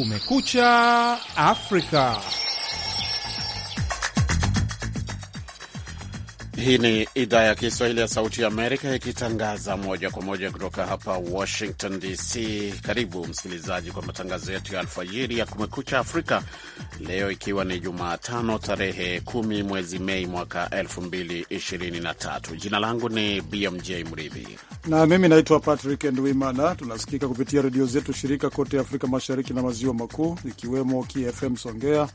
Kumekucha Afrika. Hii ni idhaa ya Kiswahili ya Sauti ya Amerika ikitangaza moja kwa moja kutoka hapa Washington DC. Karibu msikilizaji kwa matangazo yetu ya alfajiri ya Kumekucha Afrika leo, ikiwa ni Jumatano tarehe kumi mwezi Mei mwaka 2023. Jina langu ni BMJ Mridhi na mimi naitwa Patrick Ndwimana. Tunasikika kupitia redio zetu shirika kote Afrika Mashariki na Maziwa Makuu, ikiwemo KFM Songea,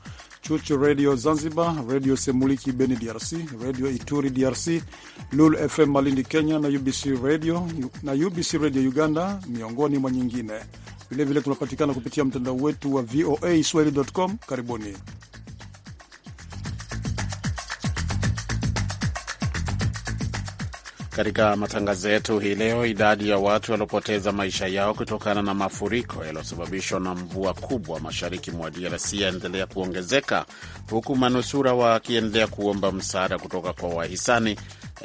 Chuchu redio Zanzibar, redio Semuliki Beni DRC, Radio Ituri DRC, Lulu FM Malindi Kenya na UBC Radio, na UBC Radio Uganda miongoni mwa nyingine. Vilevile tunapatikana kupitia mtandao wetu wa VOA Swahili.com. Karibuni. Katika matangazo yetu hii leo, idadi ya watu waliopoteza maisha yao kutokana na mafuriko yaliyosababishwa na mvua kubwa mashariki mwa DRC yaendelea kuongezeka, huku manusura wakiendelea kuomba msaada kutoka kwa wahisani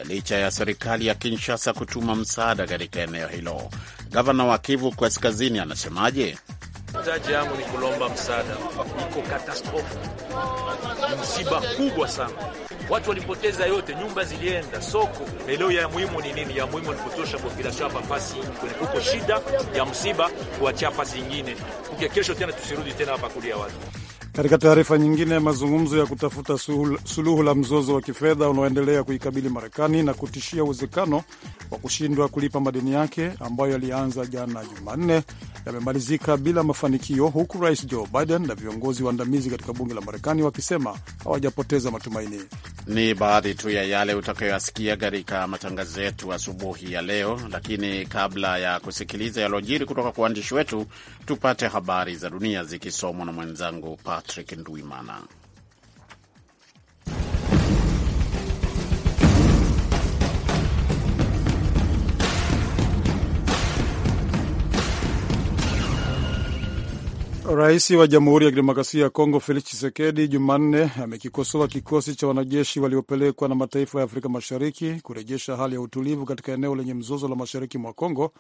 licha ya serikali ya Kinshasa kutuma msaada katika eneo hilo. Gavana wa Kivu Kaskazini anasemaje? Taji yangu ni kulomba msaada, iko katastrofu, msiba kubwa sana watu walipoteza yote, nyumba zilienda, soko. Leo ya muhimu ni nini? Ya muhimu ni kutosha population hapa fasi kwenye kuko shida ya msiba, kuachia fasi nyingine, kukia kesho tena tusirudi tena hapa kulia watu katika taarifa nyingine, mazungumzo ya kutafuta suluhu la mzozo wa kifedha unaoendelea kuikabili Marekani na kutishia uwezekano wa kushindwa kulipa madeni yake ambayo yalianza jana Jumanne yamemalizika bila mafanikio, huku rais Joe Biden na viongozi waandamizi katika bunge la Marekani wakisema hawajapoteza matumaini. Ni baadhi tu ya yale utakayoyasikia katika matangazo yetu asubuhi ya leo, lakini kabla ya kusikiliza yalojiri kutoka kwa waandishi wetu, tupate habari za dunia zikisomwa na mwenzangu Pat Patrick Ndwimana. Rais wa Jamhuri ya Kidemokrasia ya Kongo Felix Tshisekedi Jumanne amekikosoa kikosi cha wanajeshi waliopelekwa na mataifa ya Afrika Mashariki kurejesha hali ya utulivu katika eneo lenye mzozo la mashariki mwa Kongo,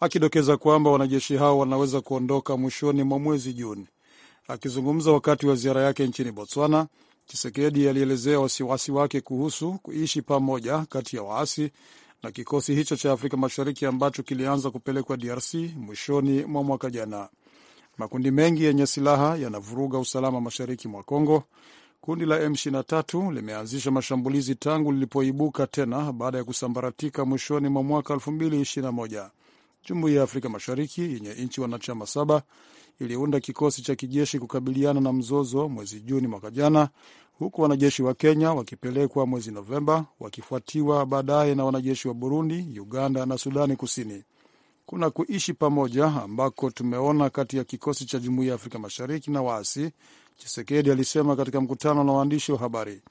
akidokeza kwamba wanajeshi hao wanaweza kuondoka mwishoni mwa mwezi Juni. Akizungumza wakati wa ziara yake nchini Botswana, Chisekedi alielezea wasiwasi wake kuhusu kuishi pamoja kati ya waasi na kikosi hicho cha Afrika Mashariki ambacho kilianza kupelekwa DRC mwishoni mwa mwaka jana. Makundi mengi yenye silaha yanavuruga usalama mashariki mwa Kongo. Kundi la M23 limeanzisha mashambulizi tangu lilipoibuka tena baada ya kusambaratika mwishoni mwa mwaka 2021. Jumuiya ya Afrika Mashariki yenye nchi wanachama saba iliunda kikosi cha kijeshi kukabiliana na mzozo mwezi Juni mwaka jana, huku wanajeshi wa Kenya wakipelekwa mwezi Novemba, wakifuatiwa baadaye na wanajeshi wa Burundi, Uganda na Sudani Kusini. Kuna kuishi pamoja ambako tumeona kati ya kikosi cha Jumuiya ya Afrika Mashariki na waasi, Chisekedi alisema katika mkutano na waandishi wa habari.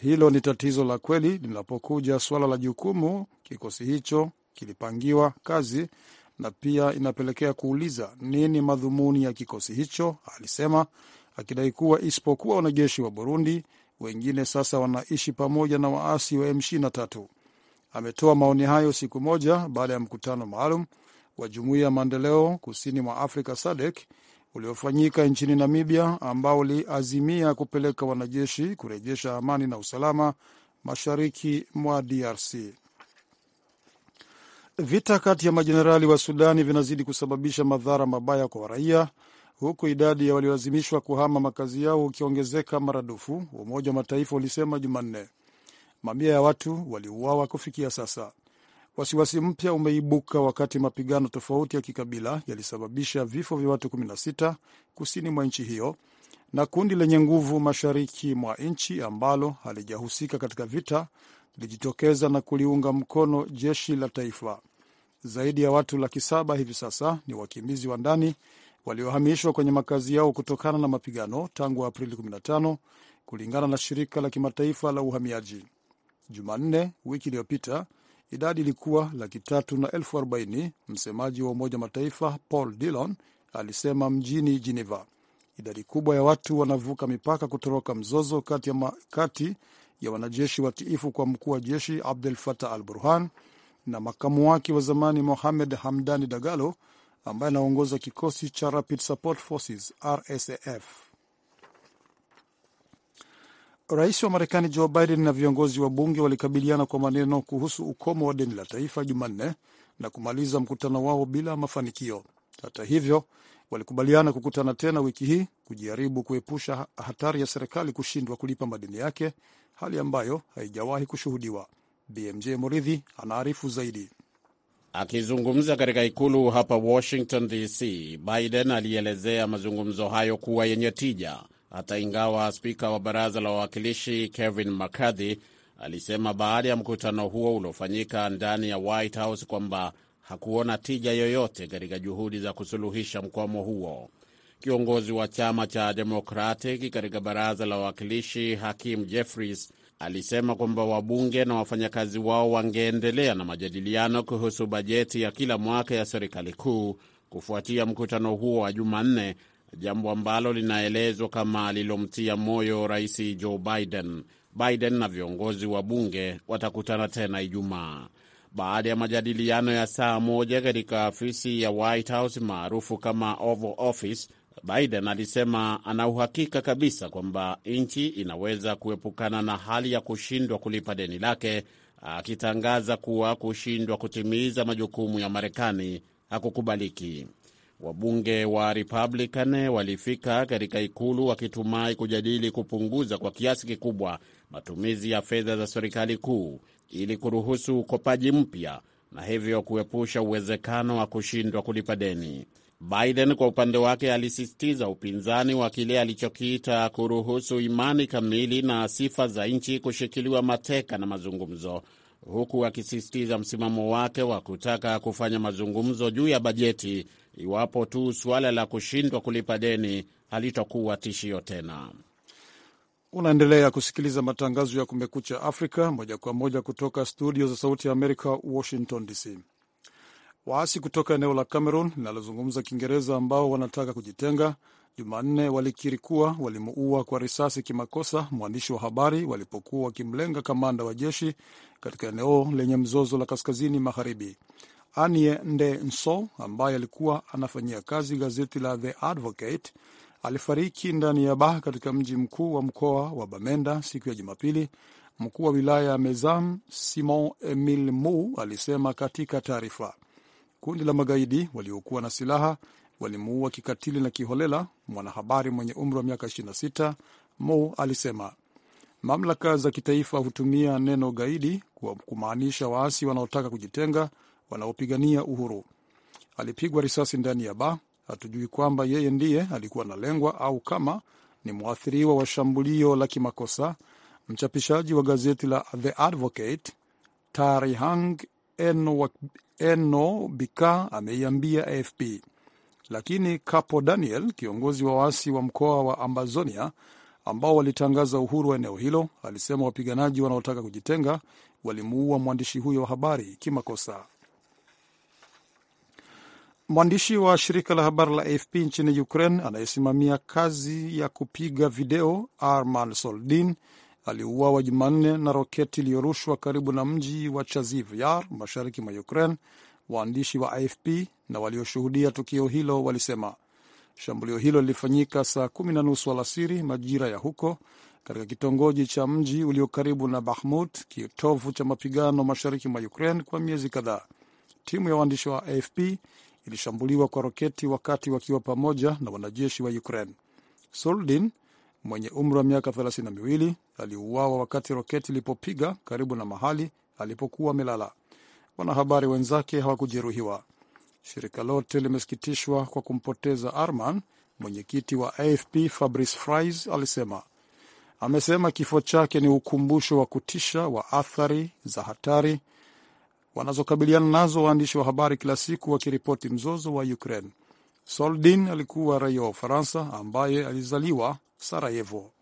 Hilo ni tatizo la kweli linapokuja swala la jukumu. Kikosi hicho kilipangiwa kazi na pia inapelekea kuuliza nini madhumuni ya kikosi hicho, alisema akidai kuwa isipokuwa wanajeshi wa Burundi, wengine sasa wanaishi pamoja na waasi wa M23. Ametoa maoni hayo siku moja baada ya mkutano maalum wa Jumuiya ya Maendeleo Kusini mwa Afrika SADC uliofanyika nchini Namibia, ambao uliazimia kupeleka wanajeshi kurejesha amani na usalama mashariki mwa DRC. Vita kati ya majenerali wa Sudani vinazidi kusababisha madhara mabaya kwa raia, huku idadi ya waliolazimishwa kuhama makazi yao ukiongezeka maradufu, Umoja wa Mataifa ulisema Jumanne. Mamia ya watu waliuawa kufikia sasa. Wasiwasi mpya umeibuka wakati mapigano tofauti ya kikabila yalisababisha vifo vya watu 16 kusini mwa nchi hiyo na kundi lenye nguvu mashariki mwa nchi ambalo halijahusika katika vita ilijitokeza na kuliunga mkono jeshi la taifa. Zaidi ya watu laki saba hivi sasa ni wakimbizi wa ndani waliohamishwa kwenye makazi yao kutokana na mapigano tangu Aprili 15 kulingana na shirika la kimataifa la uhamiaji. Jumanne wiki iliyopita idadi ilikuwa laki tatu na elfu arobaini. Msemaji wa Umoja Mataifa Paul Dillon alisema mjini Geneva idadi kubwa ya watu wanavuka mipaka kutoroka mzozo kati, ya ma, kati ya wanajeshi watiifu kwa mkuu wa jeshi abdul fatah al Burhan na makamu wake wa zamani Mohamed Hamdani Dagalo ambaye anaongoza kikosi cha Rapid Support Forces RSAF. Rais wa Marekani Joe Biden na viongozi wa bunge walikabiliana kwa maneno kuhusu ukomo wa deni la taifa Jumanne na kumaliza mkutano wao bila mafanikio. Hata hivyo, walikubaliana kukutana tena wiki hii kujaribu kuepusha hatari ya serikali kushindwa kulipa madeni yake hali ambayo haijawahi kushuhudiwa. BMJ Muridhi anaarifu zaidi. Akizungumza katika ikulu hapa Washington DC, Biden alielezea mazungumzo hayo kuwa yenye tija, hata ingawa spika wa baraza la wawakilishi Kevin McCarthy alisema baada ya mkutano huo uliofanyika ndani ya White House kwamba hakuona tija yoyote katika juhudi za kusuluhisha mkwamo huo. Kiongozi wa chama cha Democratic katika baraza la wawakilishi Hakim Jeffries alisema kwamba wabunge na wafanyakazi wao wangeendelea na majadiliano kuhusu bajeti ya kila mwaka ya serikali kuu kufuatia mkutano huo wa Jumanne, jambo ambalo linaelezwa kama lilomtia moyo Rais Joe Biden. Biden na viongozi wa bunge watakutana tena Ijumaa. Baada ya majadiliano ya saa moja katika afisi ya White House maarufu kama Oval Office, Biden alisema ana uhakika kabisa kwamba nchi inaweza kuepukana na hali ya kushindwa kulipa deni lake, akitangaza kuwa kushindwa kutimiza majukumu ya Marekani hakukubaliki. Wabunge wa Republican walifika katika ikulu wakitumai kujadili kupunguza kwa kiasi kikubwa matumizi ya fedha za serikali kuu ili kuruhusu ukopaji mpya na hivyo kuepusha uwezekano wa kushindwa kulipa deni. Biden kwa upande wake alisisitiza upinzani wa kile alichokiita kuruhusu imani kamili na sifa za nchi kushikiliwa mateka na mazungumzo, huku akisisitiza msimamo wake wa kutaka kufanya mazungumzo juu ya bajeti iwapo tu suala la kushindwa kulipa deni halitokuwa tishio tena. Unaendelea kusikiliza matangazo ya Kumekucha Afrika moja kwa moja kutoka studio za Sauti ya Amerika, Washington DC. Waasi kutoka eneo la Cameroon linalozungumza Kiingereza ambao wanataka kujitenga, Jumanne walikiri kuwa walimuua kwa risasi kimakosa mwandishi wa habari walipokuwa wakimlenga kamanda wa jeshi katika eneo lenye mzozo la kaskazini magharibi. Anie Nde Nso ambaye alikuwa anafanyia kazi gazeti la The Advocate alifariki ndani ya baa katika mji mkuu wa mkoa wa Bamenda siku ya Jumapili. Mkuu wa wilaya ya Mezam Simon Emil Mu alisema katika taarifa Kundi la magaidi waliokuwa na silaha walimuua kikatili na kiholela mwanahabari mwenye umri wa miaka 26, Mo alisema. Mamlaka za kitaifa hutumia neno gaidi kwa kumaanisha waasi wanaotaka kujitenga, wanaopigania uhuru. Alipigwa risasi ndani ya ba Hatujui kwamba yeye ndiye alikuwa analengwa au kama ni mwathiriwa wa shambulio la kimakosa. Mchapishaji wa gazeti la The Advocate Tarihang Eno Bika ameiambia AFP. Lakini Capo Daniel, kiongozi wa waasi wa mkoa wa Ambazonia ambao walitangaza uhuru wa eneo hilo, alisema wapiganaji wanaotaka kujitenga walimuua mwandishi huyo wa habari kimakosa. Mwandishi wa shirika la habari la AFP nchini Ukraine anayesimamia kazi ya kupiga video Arman Soldin aliuawa Jumanne na roketi iliyorushwa karibu na mji wa Chaziv Yar mashariki mwa Ukraine, waandishi wa AFP na walioshuhudia tukio hilo walisema. Shambulio hilo lilifanyika saa kumi na nusu alasiri majira ya huko katika kitongoji cha mji ulio karibu na Bahmut, kitovu cha mapigano mashariki mwa Ukraine kwa miezi kadhaa. Timu ya waandishi wa AFP ilishambuliwa kwa roketi wakati wakiwa pamoja na wanajeshi wa Ukraine. Soldin mwenye umri wa miaka thelathini na miwili aliuawa wakati roketi ilipopiga karibu na mahali alipokuwa amelala. Wanahabari wenzake hawakujeruhiwa. Shirika lote limesikitishwa kwa kumpoteza Arman, mwenyekiti wa AFP Fabrice Fries alisema. Amesema kifo chake ni ukumbusho wa kutisha wa athari za hatari wanazokabiliana nazo waandishi wa habari kila siku wakiripoti mzozo wa Ukraine. Soldin alikuwa raia wa Ufaransa ambaye alizaliwa Sarajevo.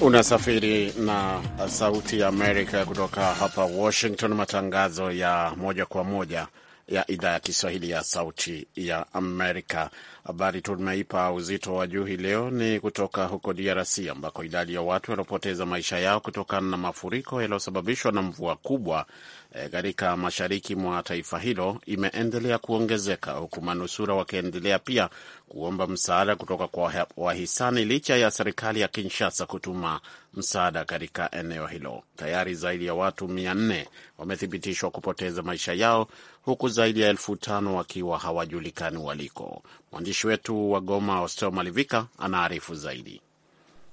Unasafiri na Sauti ya Amerika kutoka hapa Washington, matangazo ya moja kwa moja ya idhaa ya Kiswahili ya Sauti ya Amerika. Habari tumeipa uzito wa juu hii leo ni kutoka huko DRC ambako idadi ya watu waliopoteza maisha yao kutokana na mafuriko yaliyosababishwa na mvua kubwa Eh, katika e, mashariki mwa taifa hilo imeendelea kuongezeka huku manusura wakiendelea pia kuomba msaada kutoka kwa wahisani licha ya serikali ya Kinshasa kutuma msaada katika eneo hilo. Tayari zaidi ya watu mia nne wamethibitishwa kupoteza maisha yao huku zaidi ya elfu tano wakiwa hawajulikani waliko. Mwandishi wetu wa Goma, Ostel Malivika, anaarifu zaidi.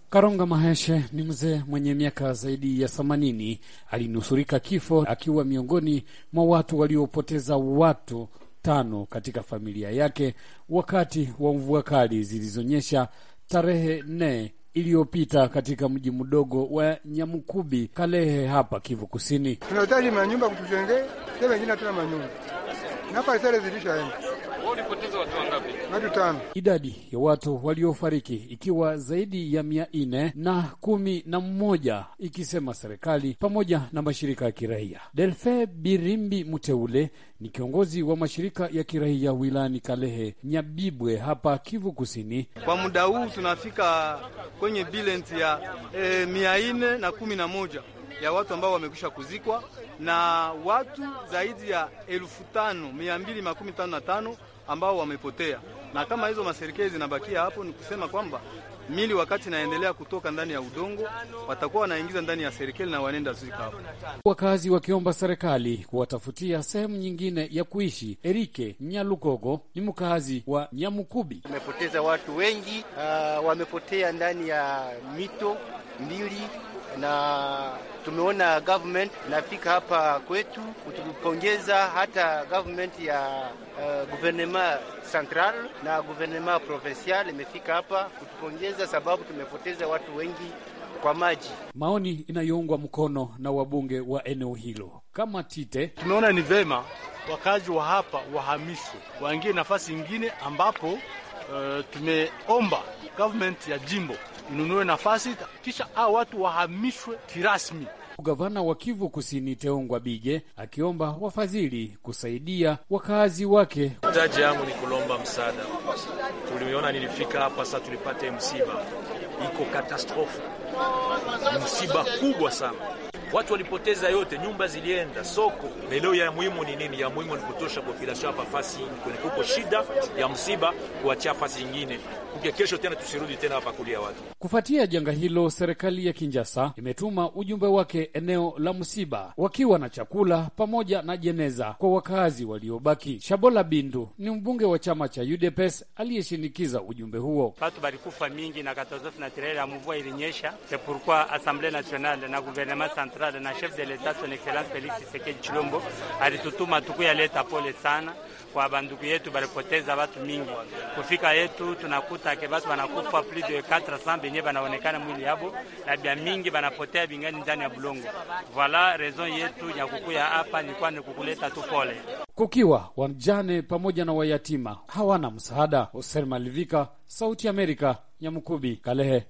Karonga Maheshe ni mzee mwenye miaka zaidi ya themanini. Alinusurika kifo akiwa miongoni mwa watu waliopoteza watu tano katika familia yake wakati wa mvua kali zilizonyesha tarehe nne iliyopita katika mji mdogo wa Nyamukubi, Kalehe, hapa Kivu Kusini. Tunahitaji manyumba kutujengee, wengine hatuna manyumba, na hapa sare zilishaenda. Ulipoteza watu wangapi? Idadi ya watu waliofariki ikiwa zaidi ya mia nne na kumi na mmoja ikisema serikali pamoja na mashirika ya kiraia. Delfe Birimbi Muteule ni kiongozi wa mashirika ya kiraia wilani Kalehe Nyabibwe hapa Kivu Kusini. Kwa muda huu tunafika kwenye bilenti ya e, mia nne na kumi na moja ya watu ambao wamekwisha kuzikwa na watu zaidi ya elfu tano mia mbili makumi tano na tano ambao wamepotea na kama hizo maserikali zinabakia hapo, ni kusema kwamba mili wakati inaendelea kutoka ndani ya udongo, watakuwa wanaingiza ndani ya serikali na wanaenda zika hapo. Wakazi wakiomba serikali kuwatafutia sehemu nyingine ya kuishi. Erike nyalukogo ni mkazi wa Nyamukubi. Wamepoteza watu wengi, uh, wamepotea ndani ya mito mbili na tumeona government inafika hapa kwetu kutupongeza, hata government ya uh, gouvernement central na gouvernement provincial imefika hapa kutupongeza, sababu tumepoteza watu wengi kwa maji. Maoni inayoungwa mkono na wabunge wa eneo hilo kama Tite, tumeona ni vema wakazi wa hapa wahamishwe waingie nafasi ingine ambapo, uh, tumeomba government ya jimbo inunue nafasi kisha hao watu wahamishwe kirasmi. Gavana wa Kivu Kusini Teongwa Bige akiomba wafadhili kusaidia wakazi wake. Taji yangu ni kulomba msaada, tuliona nilifika hapa sasa, tulipata msiba, iko katastrofu msiba kubwa sana, watu walipoteza yote, nyumba zilienda, soko. Leo ya muhimu ni nini? Ya muhimu ni kutosha populasion hapa fasi kwenye kuko shida ya msiba, kuachia fasi nyingine kuja kesho tena tusirudi tena hapa kulia watu. Kufuatia janga hilo, serikali ya Kinjasa imetuma ujumbe wake eneo la msiba wakiwa na chakula pamoja na jeneza kwa wakazi waliobaki. Shabola Bindu ni mbunge wa chama cha UDPS aliyeshinikiza ujumbe huo. Watu balikufa mingi na katastrofe naturel ya mvua ilinyesha, c'est pourquoi Assemblée nationale na gouvernement central na chef de l'etat son excellence Felix Tshisekedi Chilombo alitutuma tukuyaleta pole sana kwa banduku yetu, balipoteza watu mingi kufika yetu tunaku unakuta ke batu wanakufa plus de 400 benye banaonekana mwili yabo, na bia mingi banapotea bingani ndani ya bulongo. Voila raison yetu ya kukuya hapa ni kwani kukuleta tu pole, kukiwa wajane pamoja na wayatima hawana msaada. Hoser Malivika, Sauti ya Amerika, Nyamukubi, Kalehe.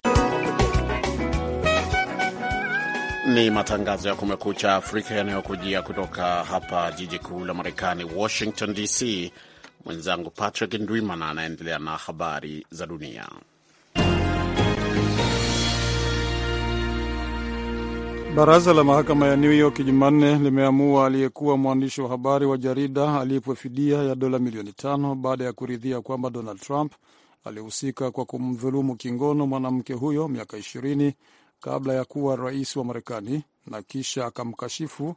Ni matangazo ya Kumekucha Afrika yanayokujia kutoka hapa jiji kuu la Marekani, Washington DC. Mwenzangu Patrick Ndwimana anaendelea na habari za dunia. Baraza la mahakama ya New York Jumanne limeamua aliyekuwa mwandishi wa habari wa jarida alipwe fidia ya dola milioni tano baada ya kuridhia kwamba Donald Trump alihusika kwa kumdhulumu kingono mwanamke huyo miaka ishirini kabla ya kuwa rais wa Marekani na kisha akamkashifu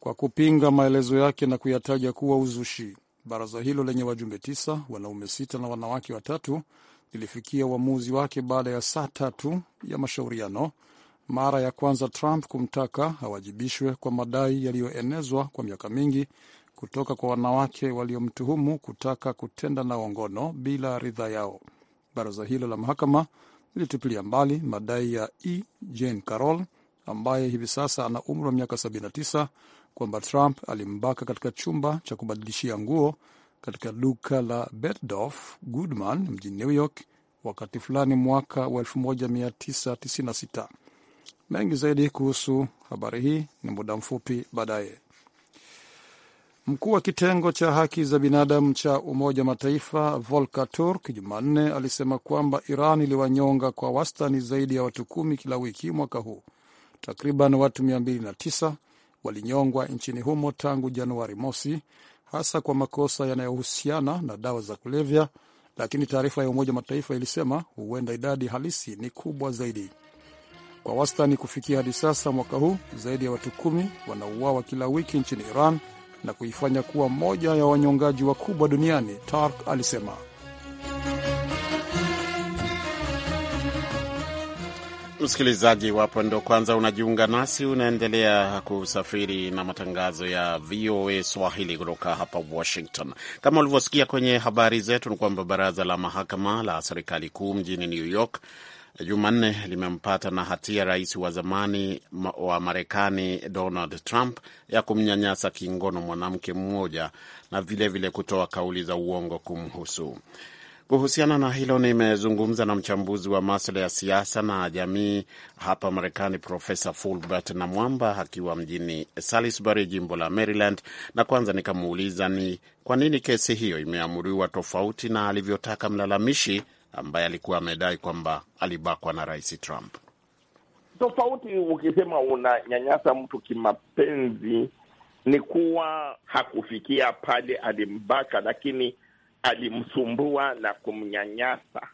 kwa kupinga maelezo yake na kuyataja kuwa uzushi. Baraza hilo lenye wajumbe tisa, wanaume sita na wanawake watatu, lilifikia uamuzi wake baada ya saa tatu ya mashauriano, mara ya kwanza Trump kumtaka awajibishwe kwa madai yaliyoenezwa kwa miaka mingi kutoka kwa wanawake waliomtuhumu kutaka kutenda nao ngono bila ridhaa yao. Baraza hilo la mahakama lilitupilia mbali madai ya E. Jean Carroll ambaye hivi sasa ana umri wa miaka 79 kwamba Trump alimbaka katika chumba cha kubadilishia nguo katika duka la Bergdorf Goodman mjini New York wakati fulani mwaka wa 1996. Mengi zaidi kuhusu habari hii ni muda mfupi baadaye. Mkuu wa kitengo cha haki za binadamu cha Umoja wa Mataifa Volker Turk Jumanne alisema kwamba Iran iliwanyonga kwa wastani zaidi ya watu kumi kila wiki mwaka huu, takriban watu 209 walinyongwa nchini humo tangu Januari mosi, hasa kwa makosa yanayohusiana na dawa za kulevya, lakini taarifa ya Umoja Mataifa ilisema huenda idadi halisi ni kubwa zaidi. Kwa wastani kufikia hadi sasa mwaka huu, zaidi ya watu kumi wanauawa kila wiki nchini Iran na kuifanya kuwa moja ya wanyongaji wakubwa duniani, Tark alisema. Msikilizaji, iwapo ndo kwanza unajiunga nasi, unaendelea kusafiri na matangazo ya VOA Swahili kutoka hapa Washington. Kama ulivyosikia kwenye habari zetu, ni kwamba baraza la mahakama la serikali kuu mjini New York Jumanne limempata na hatia rais wa zamani wa Marekani Donald Trump ya kumnyanyasa kingono mwanamke mmoja na vilevile vile kutoa kauli za uongo kumhusu. Kuhusiana na hilo nimezungumza na mchambuzi wa masuala ya siasa na jamii hapa Marekani, Profesa Fulbert na Mwamba akiwa mjini Salisbury, jimbo la Maryland, na kwanza nikamuuliza ni kwa nini kesi hiyo imeamuriwa tofauti na alivyotaka mlalamishi ambaye alikuwa amedai kwamba alibakwa na Rais Trump. Tofauti ukisema unanyanyasa mtu kimapenzi ni kuwa hakufikia pale alimbaka, lakini alimsumbua na kumnyanyasa.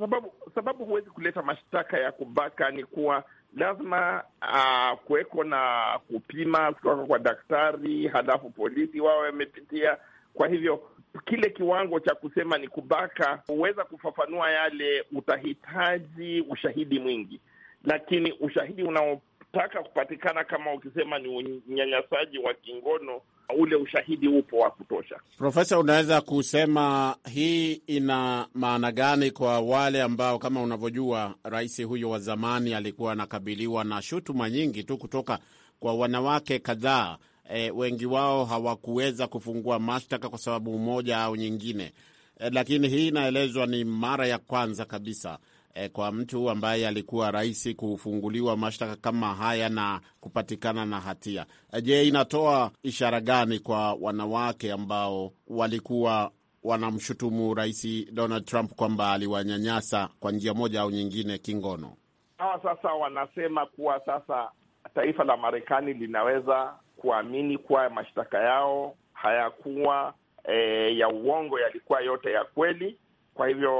Sababu sababu huwezi kuleta mashtaka ya kubaka, ni kuwa lazima uh, kuweko na kupima kutoka kwa daktari, halafu polisi wao wamepitia. Kwa hivyo kile kiwango cha kusema ni kubaka, huweza kufafanua yale, utahitaji ushahidi mwingi, lakini ushahidi unao taka kupatikana kama ukisema ni unyanyasaji wa kingono, ule ushahidi upo wa kutosha. Profesa, unaweza kusema hii ina maana gani kwa wale ambao, kama unavyojua, rais huyo wa zamani alikuwa anakabiliwa na shutuma nyingi tu kutoka kwa wanawake kadhaa. E, wengi wao hawakuweza kufungua mashtaka kwa sababu moja au nyingine. E, lakini hii inaelezwa ni mara ya kwanza kabisa eh, kwa mtu ambaye alikuwa rais kufunguliwa mashtaka kama haya na kupatikana na hatia. Eh, je, inatoa ishara gani kwa wanawake ambao walikuwa wanamshutumu rais Donald Trump kwamba aliwanyanyasa kwa njia moja au nyingine kingono? Hawa sasa wanasema kuwa sasa taifa la Marekani linaweza kuamini kuwa mashtaka yao hayakuwa e, ya uongo, yalikuwa yote ya kweli, kwa hivyo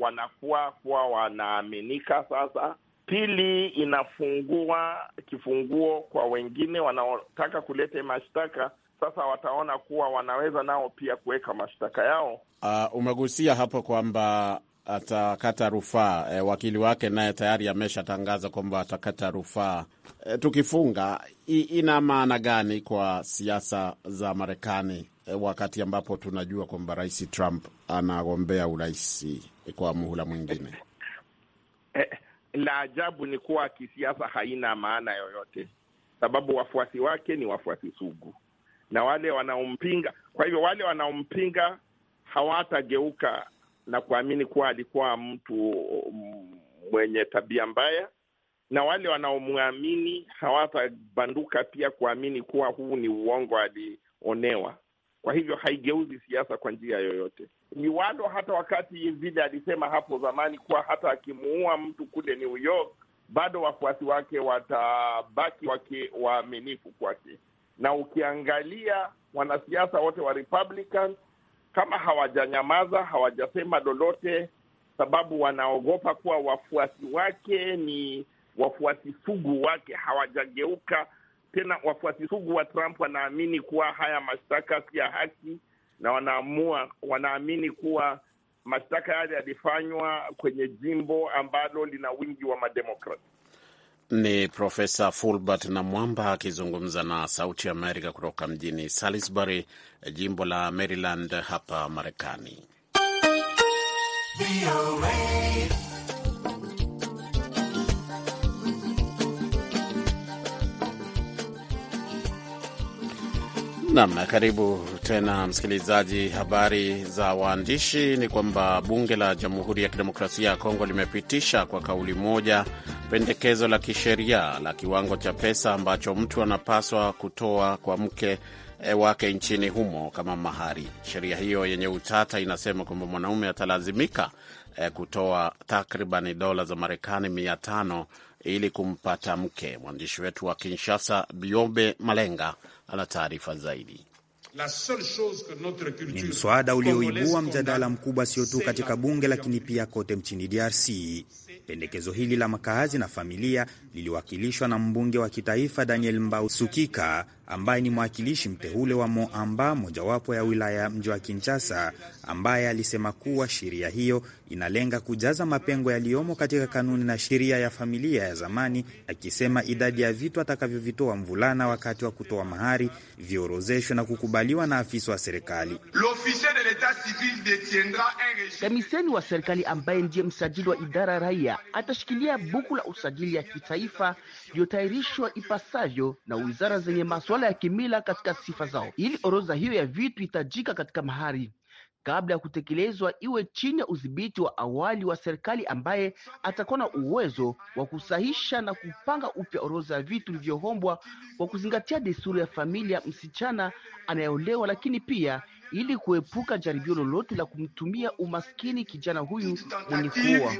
wanakuwa kuwa wanaaminika sasa. Pili, inafungua kifunguo kwa wengine wanaotaka kuleta mashtaka sasa wataona kuwa wanaweza nao pia kuweka mashtaka yao. Uh, umegusia hapo kwamba atakata rufaa. E, wakili wake naye tayari ameshatangaza kwamba atakata rufaa. E, tukifunga, ina maana gani kwa siasa za Marekani Eh, wakati ambapo tunajua kwamba Rais Trump anagombea urais eh, kwa muhula mwingine. Eh, la ajabu ni kuwa kisiasa haina maana yoyote, sababu wafuasi wake ni wafuasi sugu na wale wanaompinga. Kwa hivyo wale wanaompinga hawatageuka na kuamini kuwa alikuwa mtu mm, mwenye tabia mbaya, na wale wanaomwamini hawatabanduka pia kuamini kuwa huu ni uongo, alionewa. Kwa hivyo haigeuzi siasa kwa njia yoyote. ni Wado hata wakati vile alisema hapo zamani kuwa hata akimuua mtu kule New York bado wafuasi wake watabaki wake waaminifu kwake, na ukiangalia wanasiasa wote wa Republican kama hawajanyamaza, hawajasema lolote, sababu wanaogopa kuwa wafuasi wake ni wafuasi sugu wake, hawajageuka tena wafuasi sugu wa Trump wanaamini kuwa haya mashtaka ya haki na wanaamua, wanaamini kuwa mashtaka yale yalifanywa kwenye jimbo ambalo lina wingi wa Mademokrat. Ni Profesa Fulbert na Mwamba akizungumza na Sauti Amerika kutoka mjini Salisbury, jimbo la Maryland hapa Marekani. Nam, karibu tena msikilizaji. Habari za waandishi ni kwamba bunge la Jamhuri ya Kidemokrasia ya Kongo limepitisha kwa kauli moja pendekezo la kisheria la kiwango cha pesa ambacho mtu anapaswa kutoa kwa mke e, wake nchini humo kama mahari. Sheria hiyo yenye utata inasema kwamba mwanaume atalazimika e, kutoa takribani dola za Marekani mia tano ili kumpata mke. Mwandishi wetu wa Kinshasa, Biobe Malenga ana taarifa zaidi. Ni mswada ulioibua mjadala mkubwa sio tu katika bunge lakini pia kote mchini DRC. Pendekezo hili la makazi na familia liliwakilishwa na mbunge wa kitaifa Daniel Mbau Sukika ambaye ni mwakilishi mteule wa Moamba, mojawapo ya wilaya ya mji wa Kinshasa, ambaye alisema kuwa sheria hiyo inalenga kujaza mapengo yaliyomo katika kanuni na sheria ya familia ya zamani, akisema idadi ya vitu atakavyovitoa mvulana wakati wa kutoa mahari viorozeshwe na kukubaliwa na afisa wa serikali. Kamiseni wa serikali ambaye ndiye msajili wa idara raia atashikilia buku la usajili ya kitaifa iliyotayarishwa ipasavyo na wizara zenye maswala masuala ya kimila katika sifa zao, ili orodha hiyo ya vitu itajika katika mahari kabla ya kutekelezwa iwe chini ya udhibiti wa awali wa serikali ambaye atakuwa na uwezo wa kusahisha na kupanga upya orodha ya vitu vilivyohombwa kwa kuzingatia desturi ya familia msichana anayeolewa, lakini pia ili kuepuka jaribio lolote la kumtumia umaskini kijana huyu mwenye kuwa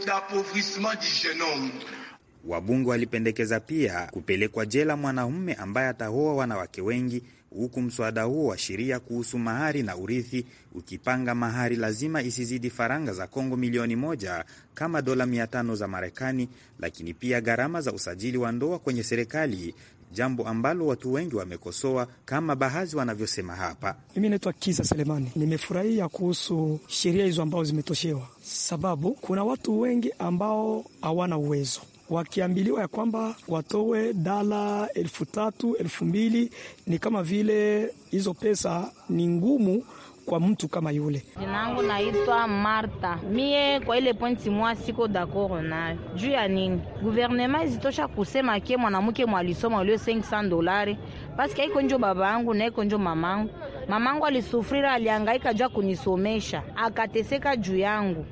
Wabunge walipendekeza pia kupelekwa jela mwanaume ambaye atahoa wanawake wengi, huku mswada huo wa sheria kuhusu mahari na urithi ukipanga mahari lazima isizidi faranga za Kongo milioni moja kama dola mia tano za Marekani, lakini pia gharama za usajili wa ndoa kwenye serikali, jambo ambalo watu wengi wamekosoa, kama baadhi wanavyosema hapa. Mimi naitwa Kisa Selemani, nimefurahia kuhusu sheria hizo ambazo zimetoshewa, sababu kuna watu wengi ambao hawana uwezo wakiambiliwa ya kwamba watowe dala elfu tatu elfu mbili ni kama vile hizo pesa ni ngumu kwa mtu kama yule. Jina langu naitwa Marta. Mie kwa ile pointi mwa siko d'accord nayo. Juu ya nini? Guvernema izitosha kusema ke mwanamke mwalisoma ulio 500 dolari. Paske iko njo baba yangu na iko njo mamangu. Mamangu alisufrira, aliangaika juu kunisomesha, akateseka juu yangu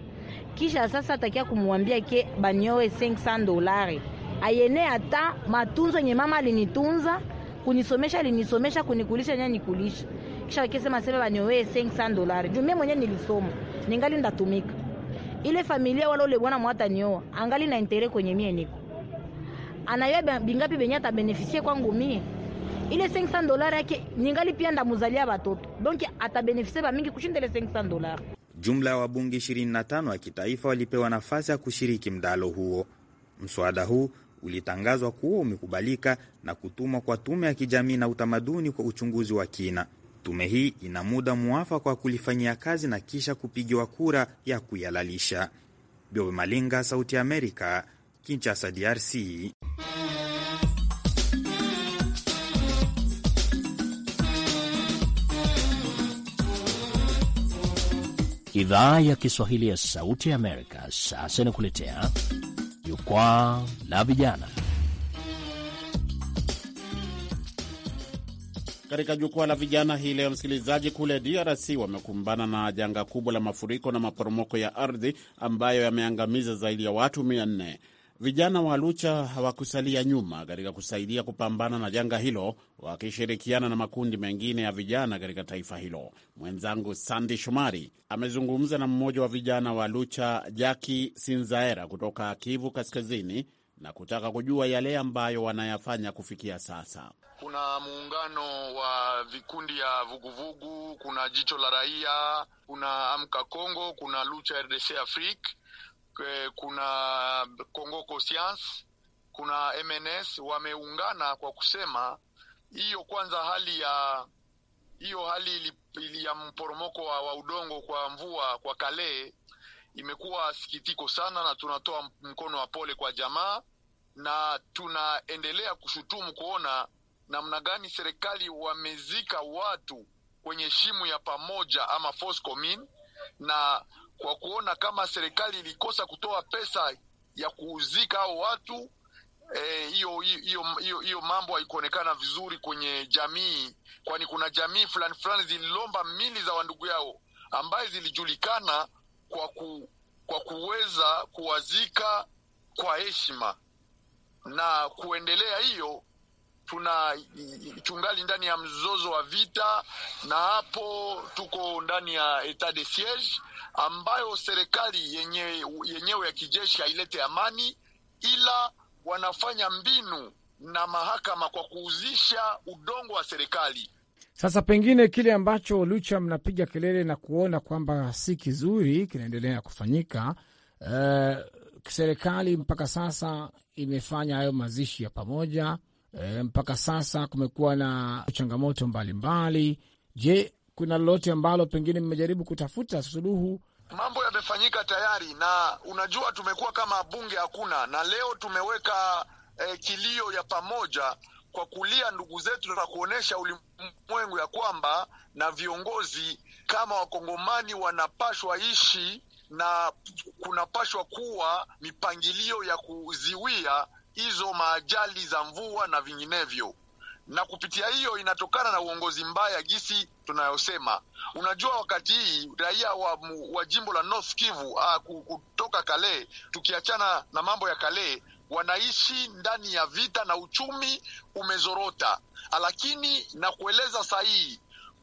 kisha sasa atakia kumwambia ke banyoe 500 dolari ayene ata matunzo yenye mama alinitunza kunisomesha, alinisomesha kunikulisha, nya nikulisha, kisha akisema sema banyoe 500 dolari juu mimi mwenyewe nilisoma ningali ndatumika ile familia wala ule bwana mwata nioa angali na intere kwenye mie niko anayo bingapi benye atabenefisie kwangu mie ile 500 dolari yake ningali pia ndamuzalia batoto donc atabenefisie bamingi kushinda ile 500 dolari. Jumla ya wabunge 25 wa kitaifa walipewa nafasi ya kushiriki mdahalo huo. Mswada huu ulitangazwa kuwa umekubalika na kutumwa kwa tume ya kijamii na utamaduni kwa uchunguzi wa kina. Tume hii ina muda mwafaka wa kulifanyia kazi na kisha kupigiwa kura ya kuyalalisha. Biobe Malinga, Sauti ya Amerika, Kinshasa, DRC. Idhaa ya Kiswahili ya Sauti ya Amerika sasa inakuletea Jukwaa la Vijana. Katika Jukwaa la Vijana hii leo, msikilizaji, kule DRC wamekumbana na janga kubwa la mafuriko na maporomoko ya ardhi ambayo yameangamiza zaidi ya watu mia nne. Vijana wa Lucha hawakusalia nyuma katika kusaidia kupambana na janga hilo, wakishirikiana na makundi mengine ya vijana katika taifa hilo. Mwenzangu Sandi Shomari amezungumza na mmoja wa vijana wa Lucha, Jaki Sinzaera kutoka Kivu Kaskazini, na kutaka kujua yale ambayo wanayafanya kufikia sasa. Kuna muungano wa vikundi ya vuguvugu, kuna jicho la raia, kuna amka Kongo, kuna Lucha RDC Afrique Eh, kuna Congo Conscience, kuna MNS wameungana kwa kusema hiyo kwanza hali ya hiyo hali ili, ili ya mporomoko wa, wa udongo kwa mvua kwa kale imekuwa sikitiko sana, na tunatoa mkono wa pole kwa jamaa, na tunaendelea kushutumu kuona namna gani serikali wamezika watu kwenye shimu ya pamoja ama commune na kwa kuona kama serikali ilikosa kutoa pesa ya kuuzika hao watu eh, hiyo eh, hiyo mambo haikuonekana vizuri kwenye jamii, kwani kuna jamii fulani fulani zililomba mili za wandugu yao ambaye zilijulikana kwa ku, kwa kuweza kuwazika kwa heshima na kuendelea. Hiyo tuna chungali ndani ya mzozo wa vita, na hapo tuko ndani ya etat de siege ambayo serikali yenyewe yenyewe ya kijeshi hailete amani, ila wanafanya mbinu na mahakama kwa kuuzisha udongo wa serikali. Sasa pengine kile ambacho Lucha mnapiga kelele na kuona kwamba si kizuri kinaendelea kufanyika, eh, serikali mpaka sasa imefanya hayo mazishi ya pamoja eh, mpaka sasa kumekuwa na changamoto mbalimbali mbali. Je, kuna lolote ambalo pengine mmejaribu kutafuta suluhu mambo yamefanyika tayari, na unajua tumekuwa kama bunge hakuna, na leo tumeweka eh, kilio ya pamoja kwa kulia ndugu zetu na kuonyesha ulimwengu ya kwamba na viongozi kama wakongomani wanapashwa ishi na kunapashwa kuwa mipangilio ya kuziwia hizo maajali za mvua na vinginevyo na kupitia hiyo inatokana na uongozi mbaya gisi tunayosema. Unajua, wakati hii raia wa, wa jimbo la North Kivu ah, kutoka Kale, tukiachana na mambo ya Kale, wanaishi ndani ya vita na uchumi umezorota, lakini na kueleza sahihi,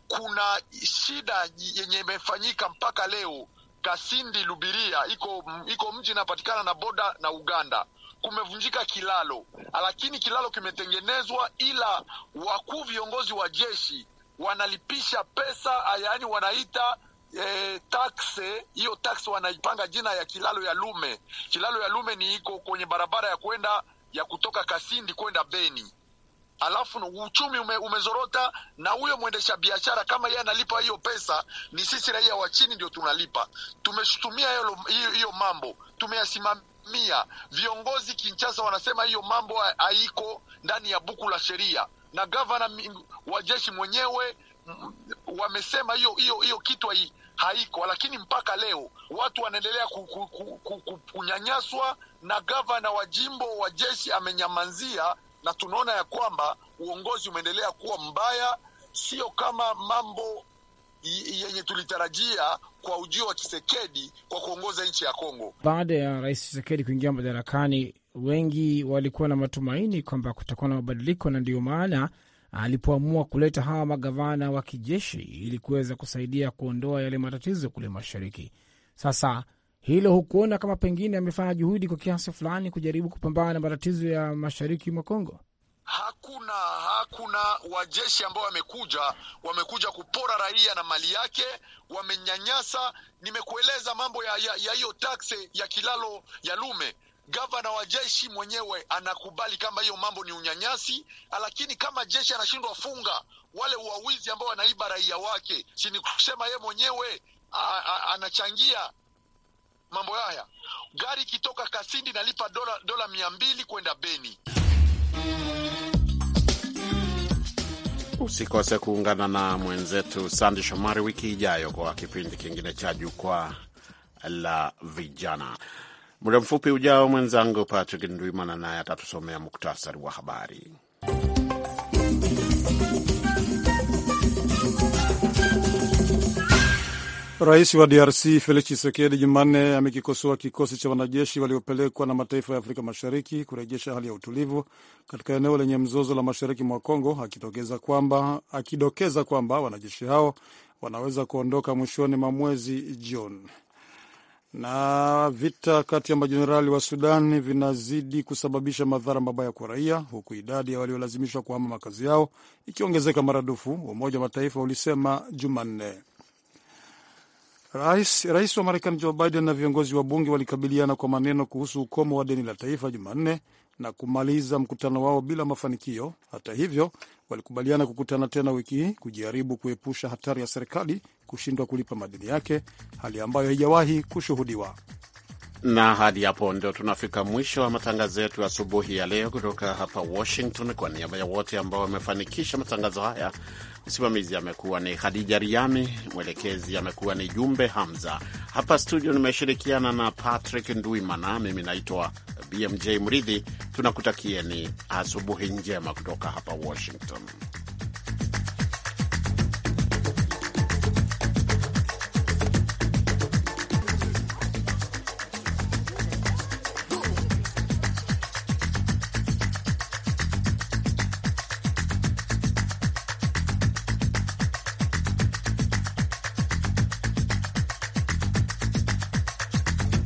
kuna shida yenye imefanyika mpaka leo. Kasindi Lubiria iko, iko mji inapatikana na boda na Uganda kumevunjika kilalo, lakini kilalo kimetengenezwa, ila wakuu viongozi wa jeshi wanalipisha pesa, yaani wanaita E, eh, takse hiyo takse wanaipanga jina ya kilalo ya Lume. Kilalo ya Lume ni iko kwenye barabara ya kwenda ya kutoka Kasindi kwenda Beni, alafu uchumi ume, umezorota na huyo mwendesha biashara kama yeye analipa hiyo pesa, ni sisi raia wa chini ndio tunalipa. Tumeshutumia hiyo mambo tumeyasimamia mia. Viongozi Kinchasa wanasema hiyo mambo haiko ndani ya buku la sheria, na gavana wa jeshi mwenyewe mm, wamesema hiyo hiyo hiyo kitu haiko, lakini mpaka leo watu wanaendelea kunyanyaswa na gavana wa jimbo wa jeshi amenyamanzia, na tunaona ya kwamba uongozi umeendelea kuwa mbaya, sio kama mambo yenye tulitarajia kwa ujio wa Chisekedi kwa kuongoza nchi ya Kongo. Baada ya Rais Chisekedi kuingia madarakani, wengi walikuwa na matumaini kwamba kutakuwa na mabadiliko, na ndiyo maana alipoamua kuleta hawa magavana wa kijeshi ili kuweza kusaidia kuondoa yale matatizo kule mashariki. Sasa hilo hukuona kama pengine amefanya juhudi kwa kiasi fulani kujaribu kupambana na matatizo ya mashariki mwa Kongo? hakuna hakuna wajeshi ambao wamekuja wamekuja kupora raia na mali yake, wamenyanyasa. Nimekueleza mambo ya hiyo ya, ya taxe ya kilalo ya Lume. Gavana wa jeshi mwenyewe anakubali kama hiyo mambo ni unyanyasi, lakini kama jeshi anashindwa funga wale wawizi ambao wanaiba raia wake, si ni kusema yeye mwenyewe a, a, anachangia mambo haya. Gari ikitoka Kasindi nalipa dola dola mia mbili kwenda Beni. Usikose kuungana na mwenzetu Sandi Shomari wiki ijayo kwa kipindi kingine cha Jukwaa la Vijana. Muda mfupi ujao, mwenzangu Patrick Ndwimana naye atatusomea muktasari wa habari. Rais wa DRC Felix Tshisekedi Jumanne amekikosoa kikosi cha wanajeshi waliopelekwa na mataifa ya Afrika Mashariki kurejesha hali ya utulivu katika eneo lenye mzozo la mashariki mwa Kongo, akidokeza kwamba, akidokeza kwamba wanajeshi hao wanaweza kuondoka mwishoni mwa mwezi Juni. Na vita kati ya majenerali wa Sudan vinazidi kusababisha madhara mabaya kwa raia, huku idadi ya waliolazimishwa kuhama makazi yao ikiongezeka maradufu, Umoja wa Mataifa ulisema Jumanne. Rais, rais wa Marekani Joe Biden na viongozi wa bunge walikabiliana kwa maneno kuhusu ukomo wa deni la taifa Jumanne na kumaliza mkutano wao bila mafanikio. Hata hivyo, walikubaliana kukutana tena wiki hii kujaribu kuepusha hatari ya serikali kushindwa kulipa madeni yake, hali ambayo haijawahi kushuhudiwa na hadi hapo ndio tunafika mwisho wa matangazo yetu asubuhi ya leo kutoka hapa Washington. Kwa niaba ya wote ambao wamefanikisha matangazo haya, msimamizi amekuwa ni Khadija Riami, mwelekezi amekuwa ni Jumbe Hamza. Hapa studio nimeshirikiana na Patrick Ndwimana, mimi naitwa BMJ Mridhi. Tunakutakieni asubuhi njema kutoka hapa Washington.